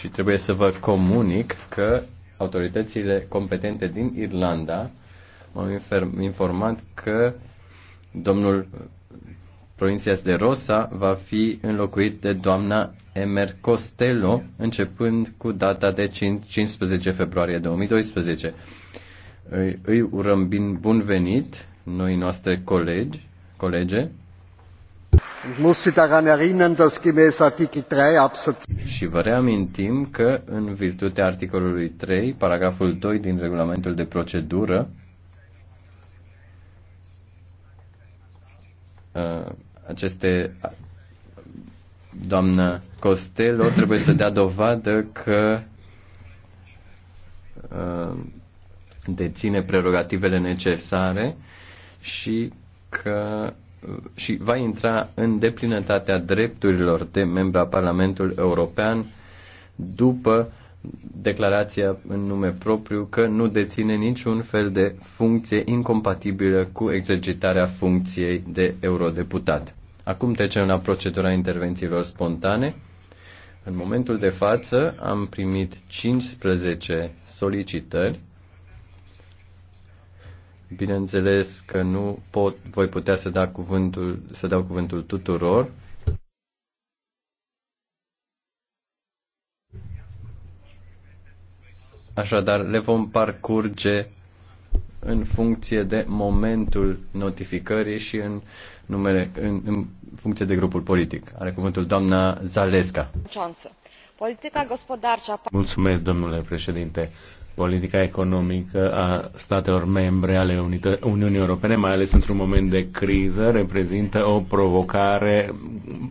și trebuie să vă comunic că autoritățile competente din Irlanda m-au informat că domnul Provincias de Rosa va fi înlocuit de doamna Emer Costello, începând cu data de 15 februarie 2012. Îi, îi urăm bun venit noi noastre colegi, colege și vă reamintim că, în virtutea articolului 3, paragraful 2 din regulamentul de procedură, ă, aceste doamnă Costello trebuie să dea dovadă că ă, deține prerogativele necesare și că și va intra în deplinătatea drepturilor de membru a Parlamentului European după declarația în nume propriu că nu deține niciun fel de funcție incompatibilă cu exercitarea funcției de eurodeputat. Acum trecem la procedura intervențiilor spontane. În momentul de față am primit 15 solicitări Bineînțeles că nu pot, voi putea să, da cuvântul, să dau cuvântul tuturor. Așadar, le vom parcurge în funcție de momentul notificării și în, numele, în, în funcție de grupul politic. Are cuvântul doamna Zalesca. Politica gospodarcea... Mulțumesc, domnule președinte politica economică a statelor membre ale Unită Uniunii Europene, mai ales într-un moment de criză, reprezintă o provocare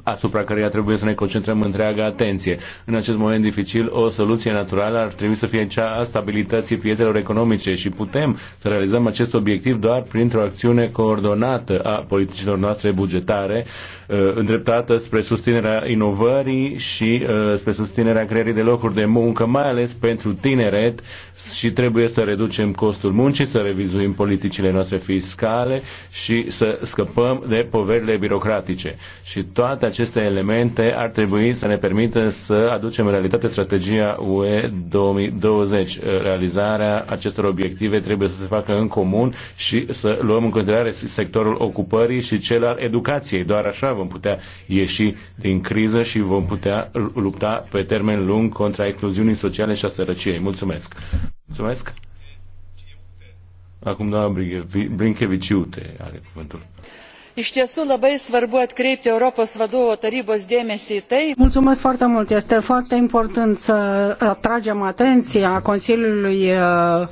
asupra căreia trebuie să ne concentrăm întreaga atenție. În acest moment dificil, o soluție naturală ar trebui să fie cea a stabilității piețelor economice și putem să realizăm acest obiectiv doar printr-o acțiune coordonată a politicilor noastre bugetare, uh, îndreptată spre susținerea inovării și uh, spre susținerea creierii de locuri de muncă, mai ales pentru tineret, și trebuie să reducem costul muncii, să revizuim politicile noastre fiscale și să scăpăm de poverile birocratice. Și toate aceste elemente ar trebui să ne permită să aducem în realitate strategia UE 2020. Realizarea acestor obiective trebuie să se facă în comun și să luăm în considerare sectorul ocupării și cel al educației. Doar așa vom putea ieși din criză și vom putea lupta pe termen lung contra excluziunii sociale și a sărăciei. Mulțumesc! Mulțumesc. Acum doamna Blinkevičiūtė are cuvântul. Iš tiesų labai svarbu atkreipti Europos vadovo tarybos dėmesį į tai. Mulțumesc foarte mult. Este foarte important să atragem atenția Consiliului uh,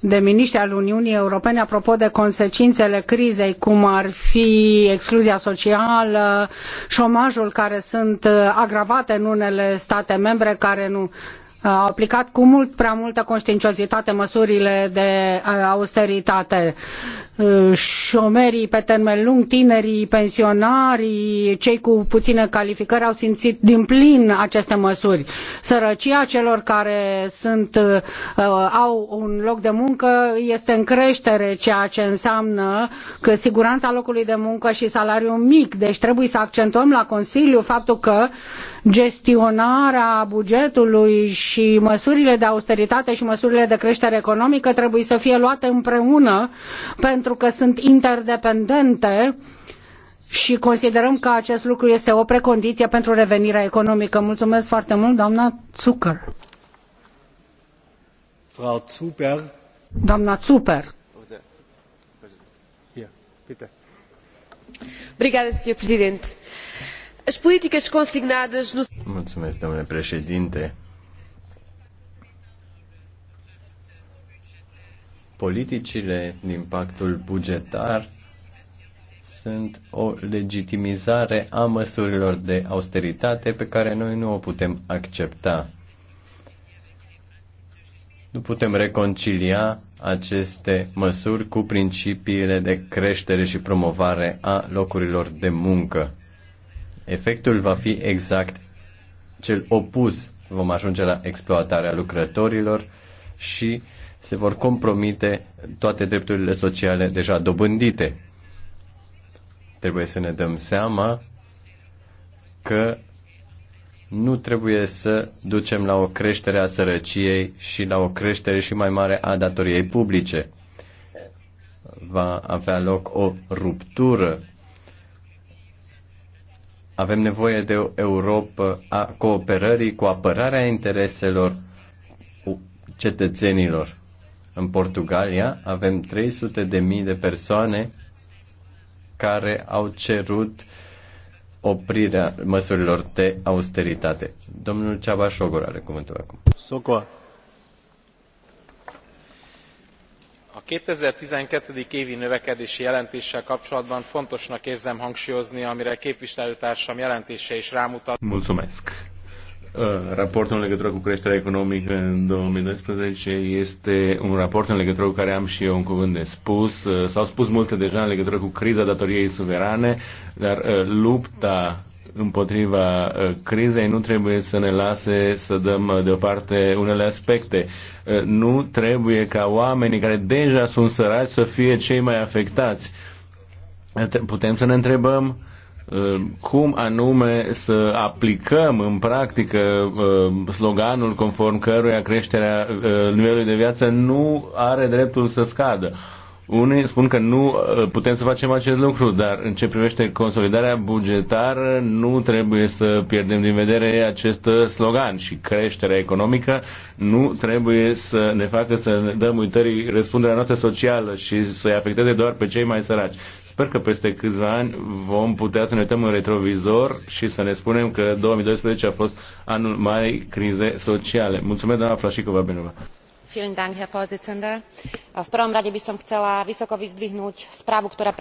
de miniștri al Uniunii Europene apropo de consecințele crizei, cum ar fi excluzia socială, șomajul care sunt uh, agravate în unele state membre care nu Uh, au aplicat cu mult prea multă conștiinciozitate măsurile de uh, austeritate. Uh, șomerii pe termen lung, tinerii, pensionarii, cei cu puține calificări au simțit din plin aceste măsuri. Sărăcia celor care sunt, au un loc de muncă este în creștere, ceea ce înseamnă că siguranța locului de muncă și salariul mic. Deci trebuie să accentuăm la Consiliu faptul că gestionarea bugetului și și măsurile de austeritate și măsurile de creștere economică trebuie să fie luate împreună pentru că sunt interdependente și considerăm că acest lucru este o precondiție pentru revenirea economică. Mulțumesc foarte mult, doamna Zucker. Frau Zuber. Doamna Zuber. Obrigada, Sr. Presidente. As políticas consignadas no. Mulțumesc, domnule președinte. politicile din pactul bugetar sunt o legitimizare a măsurilor de austeritate pe care noi nu o putem accepta. Nu putem reconcilia aceste măsuri cu principiile de creștere și promovare a locurilor de muncă. Efectul va fi exact cel opus. Vom ajunge la exploatarea lucrătorilor și se vor compromite toate drepturile sociale deja dobândite. Trebuie să ne dăm seama că nu trebuie să ducem la o creștere a sărăciei și la o creștere și mai mare a datoriei publice. Va avea loc o ruptură. Avem nevoie de o Europa a cooperării cu apărarea intereselor cetățenilor. În Portugalia avem 300 de mii de persoane care au cerut oprirea măsurilor de austeritate. Domnul Ceaba Șogor are cuvântul acum. Socoa. A 2012 évi növekedési jelentéssel kapcsolatban fontosnak érzem hangsúlyozni, amire képviselőtársam jelentése is rámutat. Mulțumesc. Uh, raportul în legătură cu creșterea economică în 2012 este un raport în legătură cu care am și eu un cuvânt de spus. Uh, s-au spus multe deja în legătură cu criza datoriei suverane, dar uh, lupta împotriva crizei nu trebuie să ne lase să dăm deoparte unele aspecte. Nu trebuie ca oamenii care deja sunt săraci să fie cei mai afectați. Putem să ne întrebăm Ehm, cum anume să aplicăm în practică ehm, sloganul conform căruia creșterea ehm, nivelului de viață nu are dreptul să scadă. Unii spun că nu uh, putem să facem acest lucru, dar în ce privește consolidarea bugetară, nu trebuie să pierdem din vedere acest uh, slogan și creșterea economică nu trebuie să ne facă să ne dăm uitării răspunderea noastră socială și să-i afecteze doar pe cei mai săraci. Sper că peste câțiva ani vom putea să ne uităm în retrovizor și să ne spunem că 2012 a fost anul mai crize sociale. Mulțumesc, doamna Flașicova Benova v prvom rade by som chcela vysoko vyzdvihnúť správu ktorá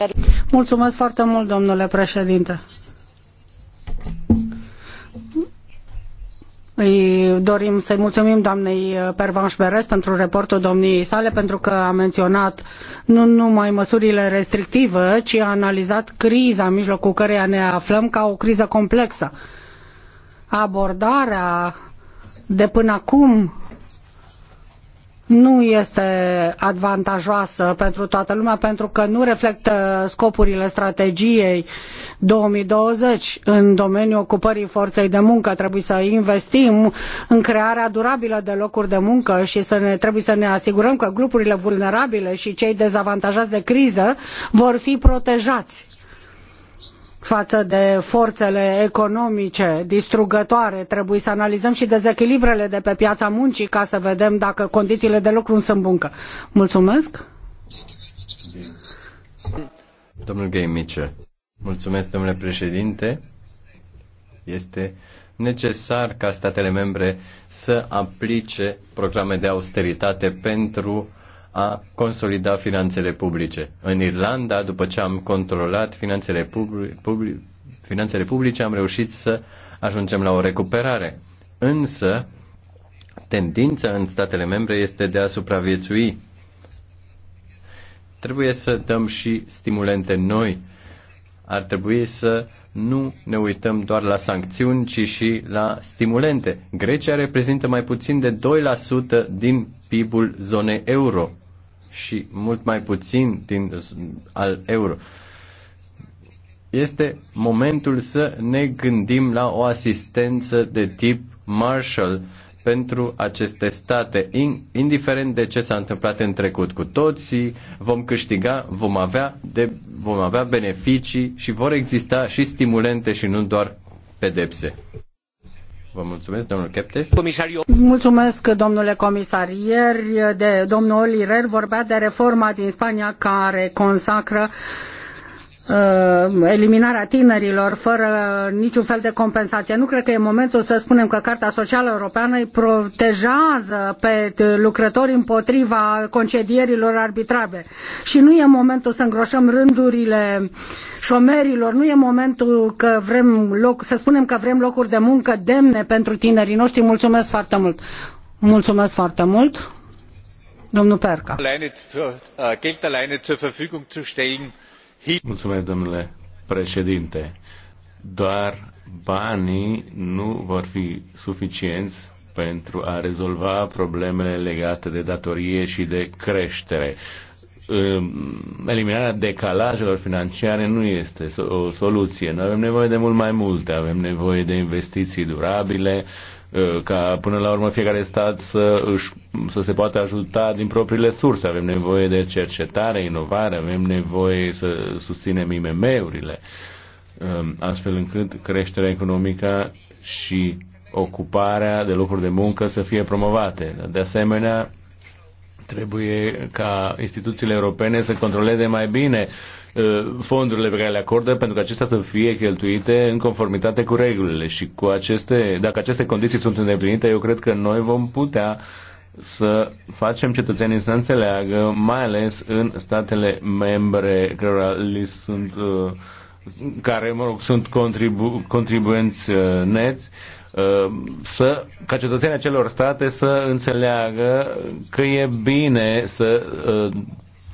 dorim să-i mulțumim doamnei Pervanș Beres pentru raportul domniei sale, pentru că a menționat nu numai măsurile restrictive, ci a analizat criza în mijlocul căreia ne aflăm ca o criză complexă. Abordarea de până acum nu este avantajoasă pentru toată lumea pentru că nu reflectă scopurile strategiei 2020 în domeniul ocupării forței de muncă. Trebuie să investim în crearea durabilă de locuri de muncă și să ne, trebuie să ne asigurăm că grupurile vulnerabile și cei dezavantajați de criză vor fi protejați față de forțele economice distrugătoare. Trebuie să analizăm și dezechilibrele de pe piața muncii ca să vedem dacă condițiile de lucru sunt buncă. Mulțumesc! Domnul Gheimice, mulțumesc, domnule președinte. Este necesar ca statele membre să aplice programe de austeritate pentru a consolida finanțele publice. În Irlanda, după ce am controlat finanțele, publi- publi- finanțele publice, am reușit să ajungem la o recuperare. Însă, tendința în statele membre este de a supraviețui. Trebuie să dăm și stimulente noi. Ar trebui să nu ne uităm doar la sancțiuni, ci și la stimulente. Grecia reprezintă mai puțin de 2% din PIB-ul zonei euro și mult mai puțin din, al euro. Este momentul să ne gândim la o asistență de tip Marshall pentru aceste state, indiferent de ce s-a întâmplat în trecut. Cu toții vom câștiga, vom avea, de, vom avea beneficii și vor exista și stimulente și nu doar pedepse. Vă mulțumesc, domnul Chepteș. Mulțumesc, domnule comisar. Ieri de, domnul Olirer vorbea de reforma din Spania care consacră Uh, eliminarea tinerilor fără niciun fel de compensație. Nu cred că e momentul să spunem că Carta Socială Europeană îi protejează pe lucrători împotriva concedierilor arbitrare. Și nu e momentul să îngroșăm rândurile șomerilor, nu e momentul că vrem loc, să spunem că vrem locuri de muncă demne pentru tinerii noștri. Mulțumesc foarte mult! Mulțumesc foarte mult! Domnul Perca. Äh, Geld alleine zur Verfügung zu stellen, Mulțumesc, domnule președinte. Doar banii nu vor fi suficienți pentru a rezolva problemele legate de datorie și de creștere. Eliminarea decalajelor financiare nu este o soluție. Noi avem nevoie de mult mai multe. Avem nevoie de investiții durabile, Uh, ca până la urmă fiecare stat să, își, să se poată ajuta din propriile surse. Avem nevoie de cercetare, inovare, avem nevoie să susținem IMM-urile, um, astfel încât creșterea economică și ocuparea de locuri de muncă să fie promovate. De asemenea, trebuie ca instituțiile europene să controleze mai bine uh, Uh, fondurile pe care le acordă pentru că acestea să fie cheltuite în conformitate cu regulile și cu aceste, dacă aceste condiții sunt îndeplinite, eu cred că noi vom putea să facem cetățenii să înțeleagă, mai ales în statele membre care li sunt, uh, care mă rog, sunt contribu- contribuenți uh, neți, să, ca cetățenii acelor state să înțeleagă că e bine să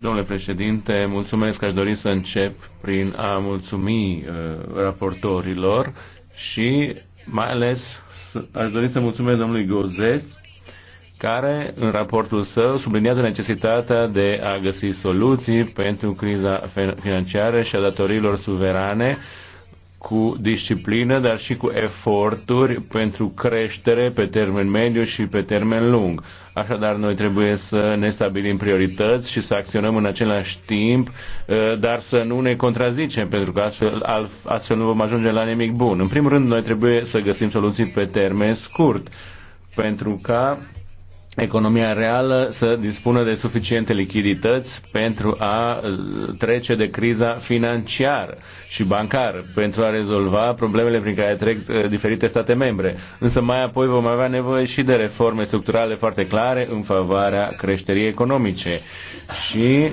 Domnule președinte, mulțumesc. Aș dori să încep prin a mulțumi uh, raportorilor și mai ales aș dori să mulțumesc domnului Gozes care, în raportul său, subliniază necesitatea de a găsi soluții pentru criza financiară și a datoriilor suverane cu disciplină, dar și cu eforturi pentru creștere pe termen mediu și pe termen lung. Așadar, noi trebuie să ne stabilim priorități și să acționăm în același timp, uh, dar să nu ne contrazicem, pentru că astfel, astfel nu vom ajunge la nimic bun. În primul rând, noi trebuie să găsim soluții pe termen scurt, pentru ca economia reală să dispună de suficiente lichidități pentru a uh, trece de criza financiară și bancară, pentru a rezolva problemele prin care trec uh, diferite state membre. Însă mai apoi vom avea nevoie și de reforme structurale foarte clare în favoarea creșterii economice. Și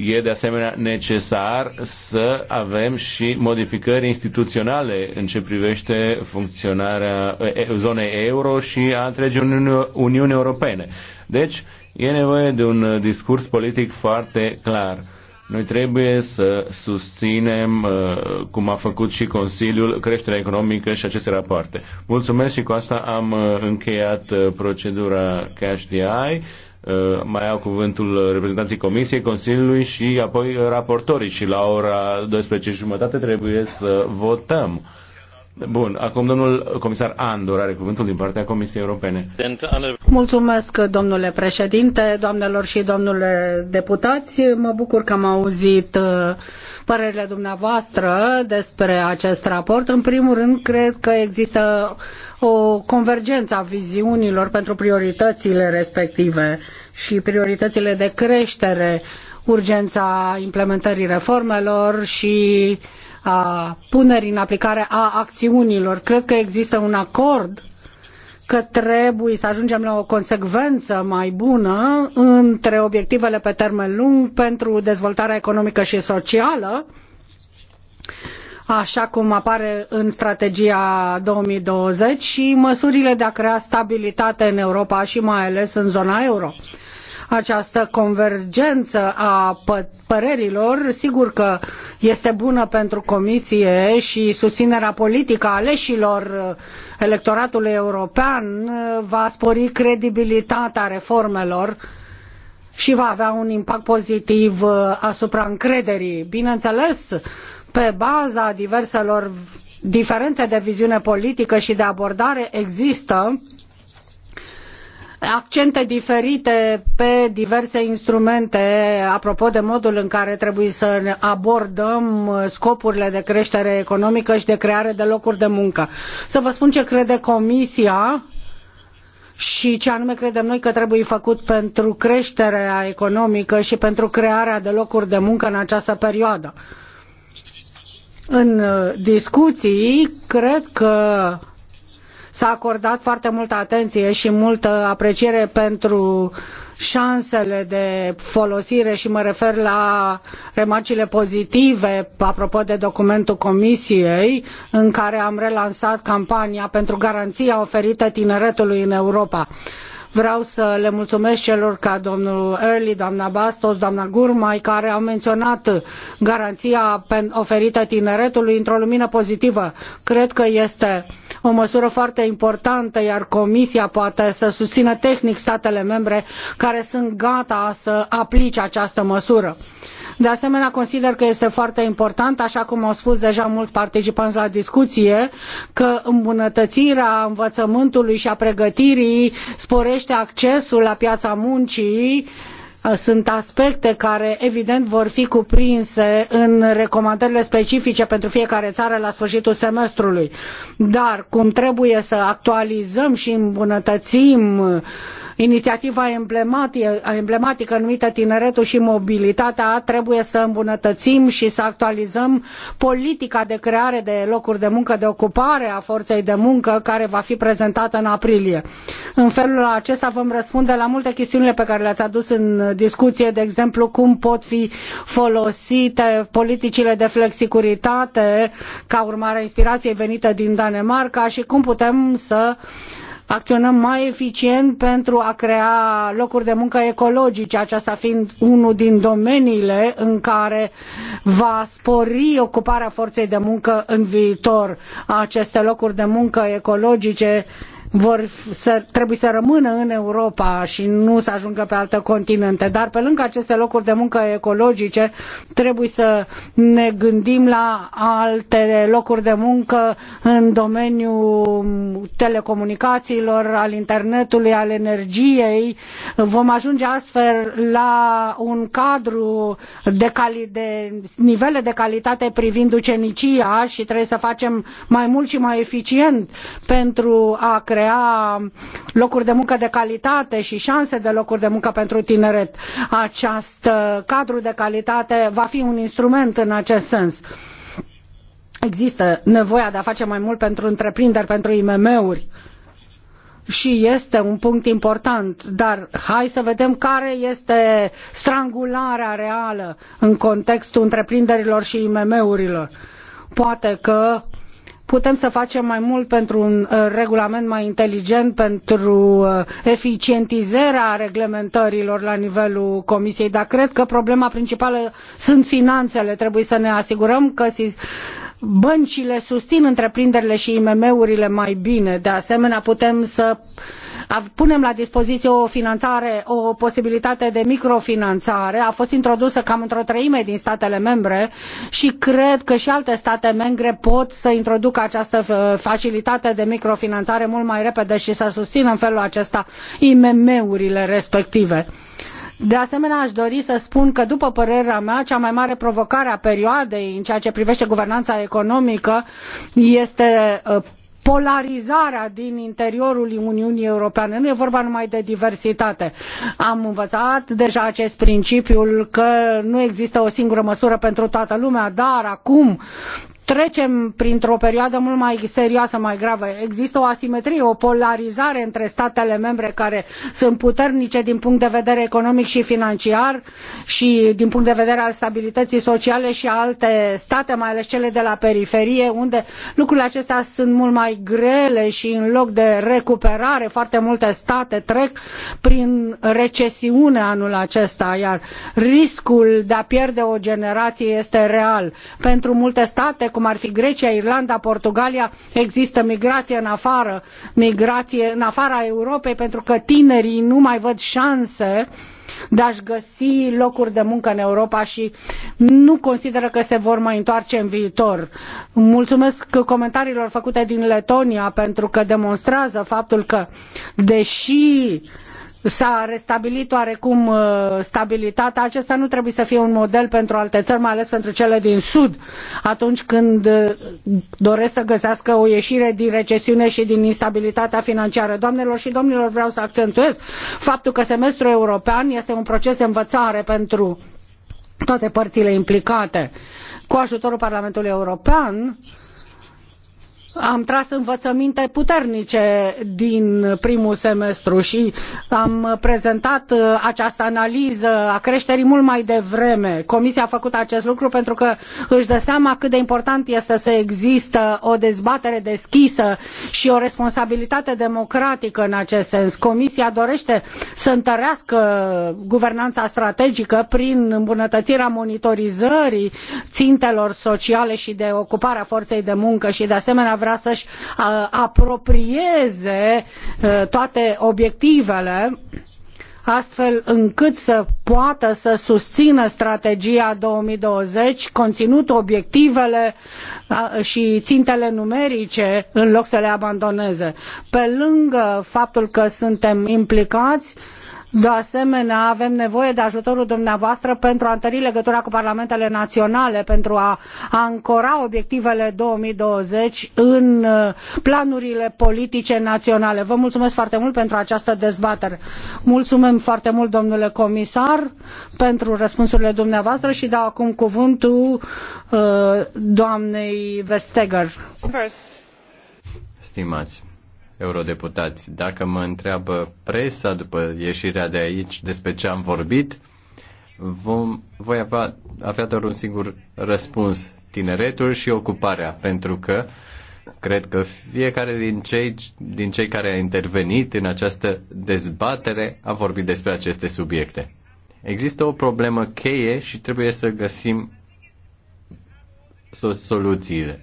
E de asemenea necesar să avem și modificări instituționale în ce privește funcționarea zonei euro și a întregii Uniuni, Europene. Deci, e nevoie de un discurs politic foarte clar. Noi trebuie să susținem, uh, cum a făcut și Consiliul, creșterea economică și aceste rapoarte. Mulțumesc și cu asta am uh, încheiat uh, procedura Cash Eye. Uh, mai au cuvântul reprezentanții Comisiei, Consiliului și apoi raportorii și la ora 12.30 jumătate trebuie să votăm. Bun, acum domnul comisar Andor are cuvântul din partea Comisiei Europene. Mulțumesc, domnule președinte, doamnelor și domnule deputați. Mă bucur că am auzit uh, părerile dumneavoastră despre acest raport. În primul rând, cred că există o convergență a viziunilor pentru prioritățile respective și prioritățile de creștere, urgența implementării reformelor și uh, a punerii în aplicare a acțiunilor. Cred că există un acord că trebuie să ajungem la o consecvență mai bună între obiectivele pe termen lung pentru dezvoltarea economică și socială, așa cum apare în strategia 2020 și măsurile de a crea stabilitate în Europa și mai ales în zona euro această convergență a părerilor, sigur că este bună pentru comisie și susținerea politică a aleșilor electoratului european va spori credibilitatea reformelor și va avea un impact pozitiv uh, asupra încrederii. Bineînțeles, pe baza diverselor diferențe de viziune politică și de abordare există accente diferite pe diverse instrumente apropo de modul în care trebuie să abordăm uh, scopurile de creștere economică și de creare de locuri de muncă. Să vă spun ce crede Comisia și ce anume credem noi că trebuie făcut pentru creșterea economică și pentru crearea de locuri de muncă în această perioadă. În uh, discuții, cred că s-a acordat foarte multă atenție și multă apreciere pentru șansele de folosire și mă refer la remarcile pozitive apropo de documentul Comisiei în care am relansat campania pentru garanția oferită tineretului în Europa Vreau să le mulțumesc celor ca domnul Early, doamna Bastos, doamna Gurmai, care au menționat garanția oferită tineretului într-o lumină pozitivă. Cred că este o măsură foarte importantă, iar Comisia poate să susțină tehnic statele membre care sunt gata să aplice această măsură. De asemenea, consider că este foarte important, așa cum au spus deja mulți participanți la discuție, că îmbunătățirea învățământului și a pregătirii sporește privește accesul la piața muncii, uh, sunt aspecte care evident vor fi cuprinse în recomandările specifice pentru fiecare țară la sfârșitul semestrului. Dar cum trebuie să actualizăm și îmbunătățim uh, inițiativa emblematică numită Tineretul și Mobilitatea trebuie să îmbunătățim și să actualizăm politica de creare de locuri de muncă, de ocupare a forței de muncă care va fi prezentată în aprilie. În felul acesta vom răspunde la multe chestiunile pe care le-ați adus în discuție, de exemplu cum pot fi folosite politicile de flexicuritate ca urmare a inspirației venite din Danemarca și cum putem să acționăm mai eficient pentru a crea locuri de muncă ecologice, aceasta fiind unul din domeniile în care va spori ocuparea forței de muncă în viitor. Aceste locuri de muncă ecologice vor să, trebuie să rămână în Europa și nu să ajungă pe alte continente. Dar pe lângă aceste locuri de muncă ecologice, trebuie să ne gândim la alte locuri de muncă în domeniul telecomunicațiilor, al internetului, al energiei. Vom ajunge astfel la un cadru de, cali- de nivele de calitate privind ucenicia și trebuie să facem mai mult și mai eficient pentru a crea crea locuri de muncă de calitate și șanse de locuri de muncă pentru tineret. Acest uh, cadru de calitate va fi un instrument în acest sens. Există nevoia de a face mai mult pentru întreprinderi, pentru IMM-uri și este un punct important, dar hai să vedem care este strangularea reală în contextul întreprinderilor și IMM-urilor. Poate că putem să facem mai mult pentru un uh, regulament mai inteligent, pentru uh, eficientizarea reglementărilor la nivelul Comisiei, dar cred că problema principală sunt finanțele. Trebuie să ne asigurăm că Băncile susțin întreprinderile și IMM-urile mai bine. De asemenea, putem să punem la dispoziție o finanțare, o posibilitate de microfinanțare. A fost introdusă cam într-o treime din statele membre și cred că și alte state membre pot să introducă această uh, facilitate de microfinanțare mult mai repede și să susțină în felul acesta IMM-urile respective. De asemenea, aș dori să spun că, după părerea mea, cea mai mare provocare a perioadei în ceea ce privește guvernanța economică este ă, polarizarea din interiorul Uniunii Europene. Nu e vorba numai de diversitate. Am învățat deja acest principiu că nu există o singură măsură pentru toată lumea, dar acum trecem printr-o perioadă mult mai serioasă, mai gravă. Există o asimetrie, o polarizare între statele membre care sunt puternice din punct de vedere economic și financiar și din punct de vedere al stabilității sociale și alte state, mai ales cele de la periferie, unde lucrurile acestea sunt mult mai grele și în loc de recuperare, foarte multe state trec prin recesiune anul acesta, iar riscul de a pierde o generație este real. Pentru multe state, cum ar fi Grecia, Irlanda, Portugalia, există migrație în afară, migrație în afara Europei, pentru că tinerii nu mai văd șanse de a-și găsi locuri de muncă în Europa și nu consideră că se vor mai întoarce în viitor. Mulțumesc comentariilor făcute din Letonia pentru că demonstrează faptul că, deși s-a restabilit oarecum uh, stabilitatea, acesta nu trebuie să fie un model pentru alte țări, mai ales pentru cele din Sud, atunci când uh, doresc să găsească o ieșire din recesiune și din instabilitatea financiară. Doamnelor și domnilor, vreau să accentuez faptul că semestrul european este un proces de învățare pentru toate părțile implicate. Cu ajutorul Parlamentului European, am tras învățăminte puternice din primul semestru și am prezentat uh, această analiză a creșterii mult mai devreme. Comisia a făcut acest lucru pentru că își dă seama cât de important este să existe o dezbatere deschisă și o responsabilitate democratică în acest sens. Comisia dorește să întărească guvernanța strategică prin îmbunătățirea monitorizării țintelor sociale și de ocupare a forței de muncă și de asemenea vrea să-și apropieze toate obiectivele astfel încât să poată să susțină strategia 2020, conținut obiectivele și țintele numerice în loc să le abandoneze. Pe lângă faptul că suntem implicați, de asemenea, avem nevoie de ajutorul dumneavoastră pentru a întări legătura cu parlamentele naționale, pentru a ancora obiectivele 2020 în uh, planurile politice naționale. Vă mulțumesc foarte mult pentru această dezbatere. Mulțumim foarte mult, domnule comisar, pentru răspunsurile dumneavoastră și dau acum cuvântul uh, doamnei Vestager. Stimați eurodeputați. Dacă mă întreabă presa după ieșirea de aici despre ce am vorbit, vom, voi avea, avea doar un singur răspuns, tineretul și ocuparea, pentru că cred că fiecare din cei, din cei care a intervenit în această dezbatere a vorbit despre aceste subiecte. Există o problemă cheie și trebuie să găsim soluțiile.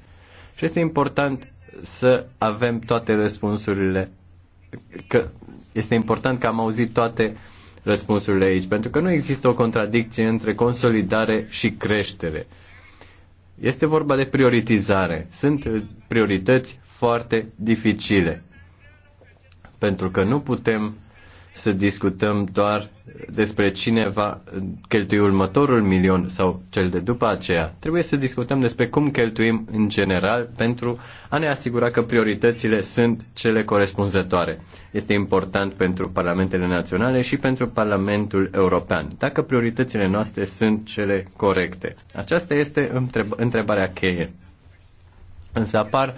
Și este important să avem toate răspunsurile, că este important că am auzit toate răspunsurile aici, pentru că nu există o contradicție între consolidare și creștere. Este vorba de prioritizare. Sunt priorități foarte dificile, pentru că nu putem uh, să discutăm doar despre cine va cheltui următorul milion sau cel de după aceea. Trebuie să discutăm despre cum cheltuim în general pentru a ne asigura că prioritățile sunt cele corespunzătoare. Este important pentru parlamentele naționale și pentru Parlamentul European, dacă prioritățile noastre sunt cele corecte. Aceasta este întreb- întrebarea cheie. Însă apar uh,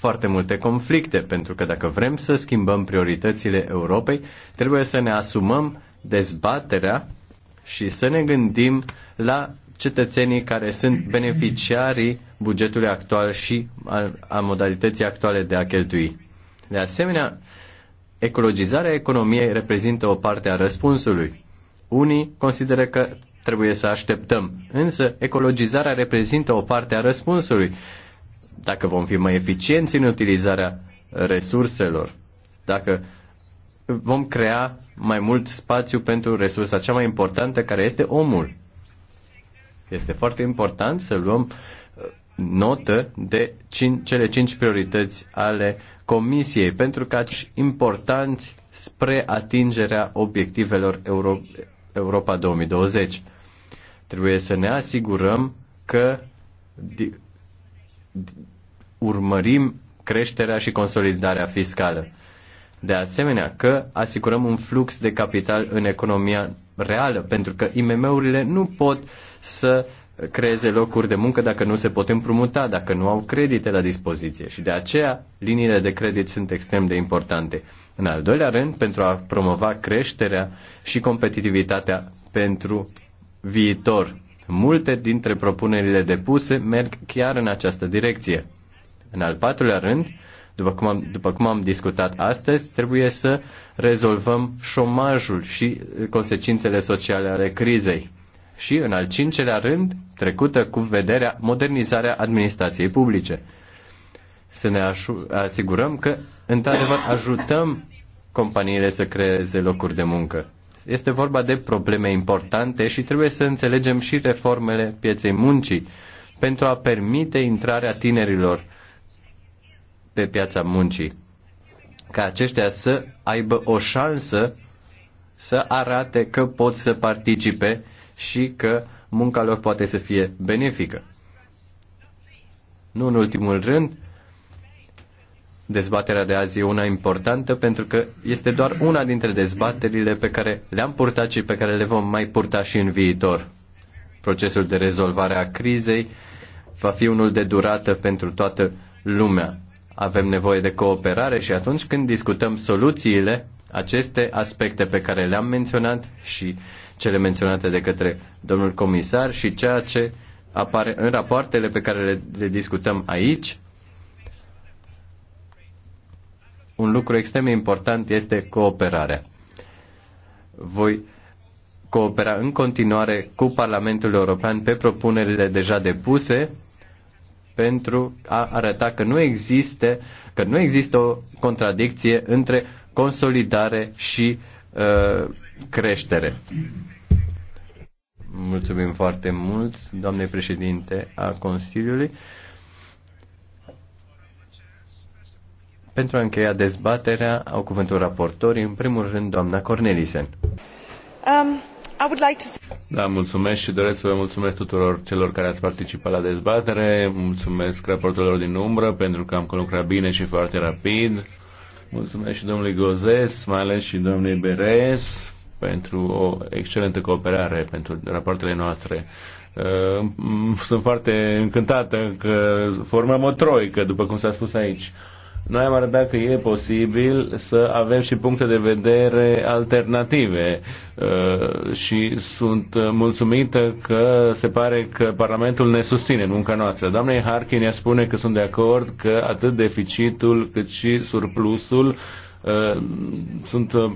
foarte multe conflicte, pentru că dacă vrem să schimbăm prioritățile Europei, trebuie să ne asumăm dezbaterea și să ne gândim la cetățenii care sunt beneficiarii bugetului actual și a, a modalității actuale de a cheltui. De asemenea, ecologizarea economiei reprezintă o parte a răspunsului. Unii consideră că trebuie să așteptăm, însă ecologizarea reprezintă o parte a răspunsului dacă vom fi mai eficienți în utilizarea resurselor, dacă vom crea mai mult spațiu pentru resursa cea mai importantă care este omul. Este foarte important să luăm uh, notă de cin- cele cinci priorități ale Comisiei pentru că importanți spre atingerea obiectivelor Euro- Europa 2020. Trebuie să ne asigurăm că urmărim creșterea și consolidarea fiscală. De asemenea că asigurăm un flux de capital în economia reală, pentru că IMM-urile nu pot să creeze locuri de muncă dacă nu se pot împrumuta, dacă nu au credite la dispoziție. Și de aceea liniile de credit sunt extrem de importante. În al doilea rând, pentru a promova creșterea și competitivitatea pentru viitor. Multe dintre propunerile depuse merg chiar în această direcție. În al patrulea rând, după cum, am, după cum am discutat astăzi, trebuie să rezolvăm șomajul și uh, consecințele sociale ale crizei. Și, în al cincelea rând, trecută cu vederea modernizarea administrației publice. Să ne asigurăm că, într-adevăr, ajutăm companiile să creeze locuri de muncă este vorba de probleme importante și trebuie să înțelegem și reformele pieței muncii pentru a permite intrarea tinerilor pe piața muncii, ca aceștia să aibă o șansă să arate că pot să participe și că munca lor poate să fie benefică. Nu în ultimul rând, Dezbaterea de azi e una importantă pentru că este doar una dintre dezbaterile pe care le-am purtat și pe care le vom mai purta și în viitor. Procesul de rezolvare a crizei va fi unul de durată pentru toată lumea. Avem nevoie de cooperare și atunci când discutăm soluțiile, aceste aspecte pe care le-am menționat și cele menționate de către domnul comisar și ceea ce apare în rapoartele pe care le, le discutăm aici un lucru extrem de important este cooperarea. Voi coopera în continuare cu Parlamentul European pe propunerile deja depuse pentru a arăta că nu există, că nu există o contradicție între consolidare și uh, creștere. Mulțumim foarte mult, doamne președinte a Consiliului. Pentru a încheia dezbaterea, au cuvântul raportorii, în primul rând, doamna Cornelisen. Um, I would like to... Da, mulțumesc și doresc să vă mulțumesc tuturor celor care ați participat la dezbatere, mulțumesc raportorilor din umbră pentru că am lucrat bine și foarte rapid, mulțumesc și domnului Gozes, mai ales și domnului Beres pentru o excelentă cooperare pentru rapoartele noastre. Uh, sunt foarte încântată că formăm o troică, după cum s-a spus aici. Noi am arătat că e posibil să avem și puncte de vedere alternative uh, și sunt mulțumită că se pare că Parlamentul ne susține în munca noastră. Doamnei Harkin ea spune că sunt de acord că atât deficitul cât și surplusul uh, sunt uh,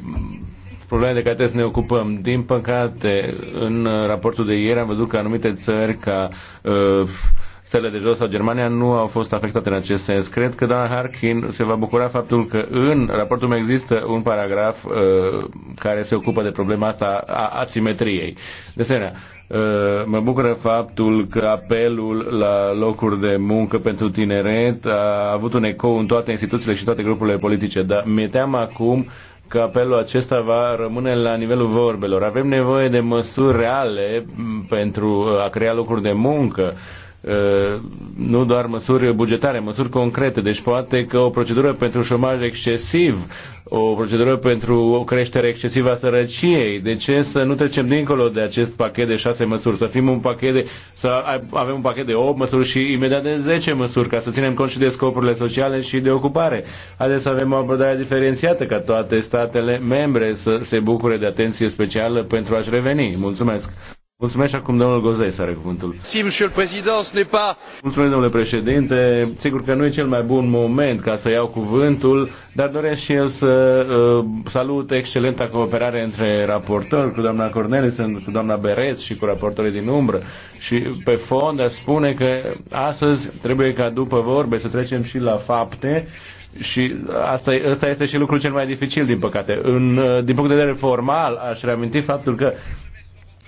probleme de care trebuie să ne ocupăm. Din păcate, în raportul de ieri am văzut că anumite țări ca uh, țările de jos sau Germania nu au fost afectate în acest sens. Cred că doamna Harkin se va bucura faptul că în raportul meu există un paragraf uh, care se ocupă de problema asta a asimetriei. De asemenea, uh, mă bucură faptul că apelul la locuri de muncă pentru tineret a avut un ecou în toate instituțiile și toate grupurile politice, dar mi-e teamă acum că apelul acesta va rămâne la nivelul vorbelor. Avem nevoie de măsuri reale pentru uh, a crea locuri de muncă nu doar măsuri bugetare, măsuri concrete. Deci poate că o procedură pentru șomaj excesiv, o procedură pentru o creștere excesivă a sărăciei. De ce să nu trecem dincolo de acest pachet de șase măsuri? Să fim un pachet de, să avem un pachet de 8 măsuri și imediat de 10 măsuri, ca să ținem cont și de scopurile sociale și de ocupare. Haideți să avem o abordare diferențiată ca toate statele membre să se bucure de atenție specială pentru a-și reveni. Mulțumesc! Mulțumesc acum domnul Gozei să are cuvântul. Mulțumesc, domnule președinte. Sigur că nu e cel mai bun moment ca să iau cuvântul, dar doresc și eu să uh, salut excelenta cooperare între raportori, cu doamna Cornelison, cu doamna Berez și cu raportorii din umbră. Și pe fond a spune că astăzi trebuie ca după vorbe să trecem și la fapte și asta, asta este și lucrul cel mai dificil, din păcate. În, uh, din punct de vedere formal, aș reaminti faptul că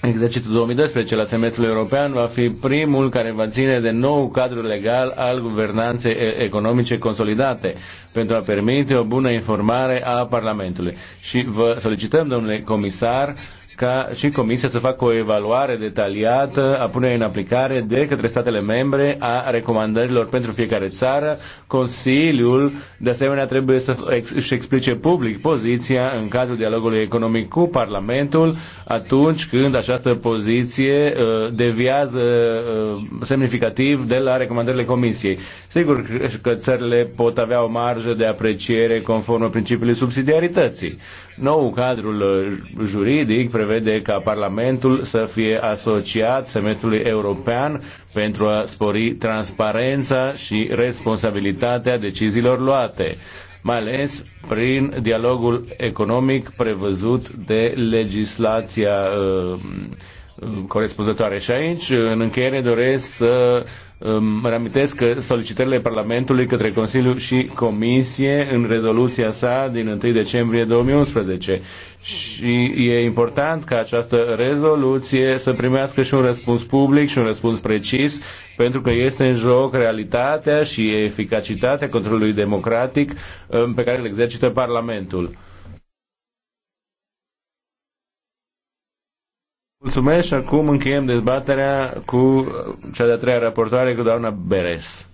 Exercițiul 2012 la semestrul european va fi primul care va ține de nou cadru legal al guvernanței economice consolidate pentru a permite o bună informare a Parlamentului. Și vă solicităm, domnule comisar, ca și Comisia să facă o evaluare detaliată a pune în aplicare de către statele membre a recomandărilor pentru fiecare țară. Consiliul, de asemenea, trebuie să își explice public poziția în cadrul dialogului economic cu Parlamentul atunci când această poziție uh, deviază uh, semnificativ de la recomandările Comisiei. Sigur că țările pot avea o marjă de apreciere conform principiului subsidiarității. Nou cadrul uh, juridic prevede ca Parlamentul să fie asociat semestrului european pentru a spori transparența și responsabilitatea deciziilor luate, mai ales prin dialogul economic prevăzut de legislația uh, corespunzătoare. Și aici, în încheiere, doresc să um, reamintesc că solicitările Parlamentului către Consiliu și Comisie în rezoluția sa din 1 decembrie 2011. Și e important ca această rezoluție să primească și un răspuns public și un răspuns precis, pentru că este în joc realitatea și eficacitatea controlului democratic um, pe care îl exercită Parlamentul. Mulțumesc și acum încheiem dezbaterea cu cea de-a treia raportoare cu doamna Beres.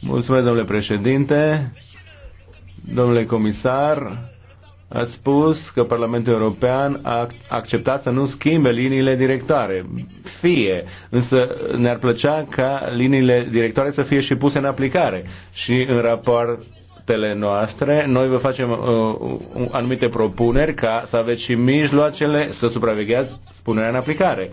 Mulțumesc, domnule președinte, domnule comisar. a spus că Parlamentul European a acceptat să nu schimbe liniile directoare. Fie, însă ne-ar plăcea ca liniile directoare să fie și puse în aplicare. Și în raport actele noastre, noi vă facem uh, anumite propuneri ca să aveți și mijloacele să supravegheați punerea în aplicare.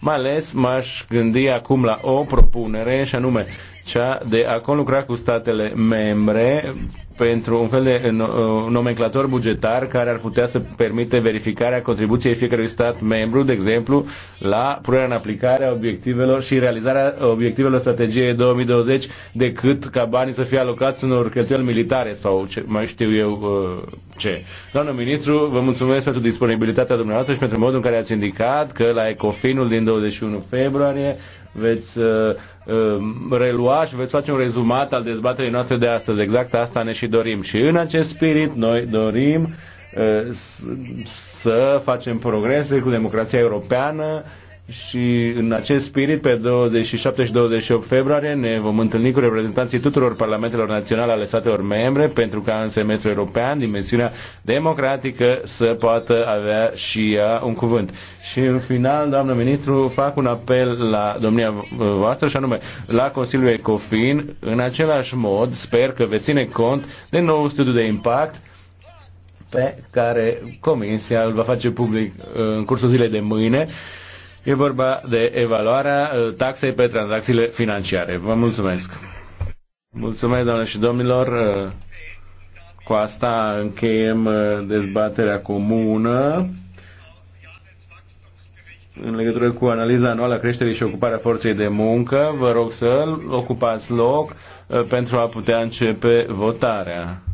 Mai ales m-aș gândi acum la o propunere și anume cea de a conlucra cu statele membre pentru un fel de uh, uh, nomenclator bugetar care ar putea să permite verificarea contribuției fiecărui stat membru, de exemplu, la punerea în aplicare a obiectivelor și realizarea obiectivelor strategiei 2020, decât ca banii să fie alocați unor cheltuieli militare sau ce, mai știu eu uh, ce. Doamnă ministru, vă mulțumesc pentru disponibilitatea dumneavoastră și pentru modul în care ați indicat că la Ecofinul din 21 februarie veți uh, uh, relua și veți face un rezumat al dezbaterii noastre de astăzi. Exact asta ne și dorim. Și în acest spirit noi dorim uh, să facem progrese cu democrația europeană și în acest spirit, pe 27 și 28 februarie, ne vom întâlni cu reprezentanții tuturor parlamentelor naționale ale statelor membre pentru ca în semestrul european dimensiunea democratică să poată avea și ea un cuvânt. Și în final, doamnă ministru, fac un apel la domnia voastră și anume la Consiliul Ecofin. În același mod, sper că veți ține cont de nou studiu de impact pe care Comisia îl va face public uh, în cursul zilei de mâine E vorba de evaluarea uh, taxei pe tranzacțiile financiare. Vă mulțumesc! Mulțumesc, doamne și domnilor! Uh, cu asta încheiem uh, dezbaterea comună în legătură cu analiza anuală a creșterii și ocuparea forței de muncă. Vă rog să ocupați loc pentru a putea începe votarea.